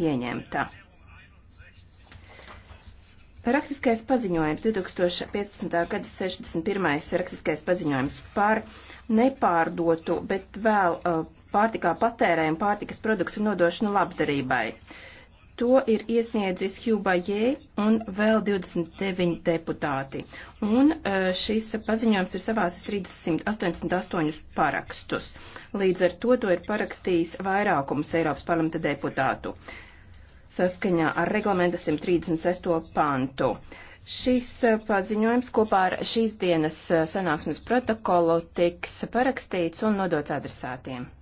pieņemta. Rakstiskais paziņojums 2015. gada 61. rakstiskais paziņojums par nepārdotu, bet vēl uh, pārtikā patērējumu pārtikas produktu nodošanu labdarībai. To ir iesniedzis Hjubajē un vēl 29 deputāti. Un e, šis paziņojums ir savācis 388 parakstus. Līdz ar to to ir parakstījis vairākums Eiropas parlamenta deputātu saskaņā ar reglamenta 136. pantu. Šis e, paziņojums kopā ar šīs dienas e, sanāksmes protokolu tiks parakstīts un nodots adresātiem.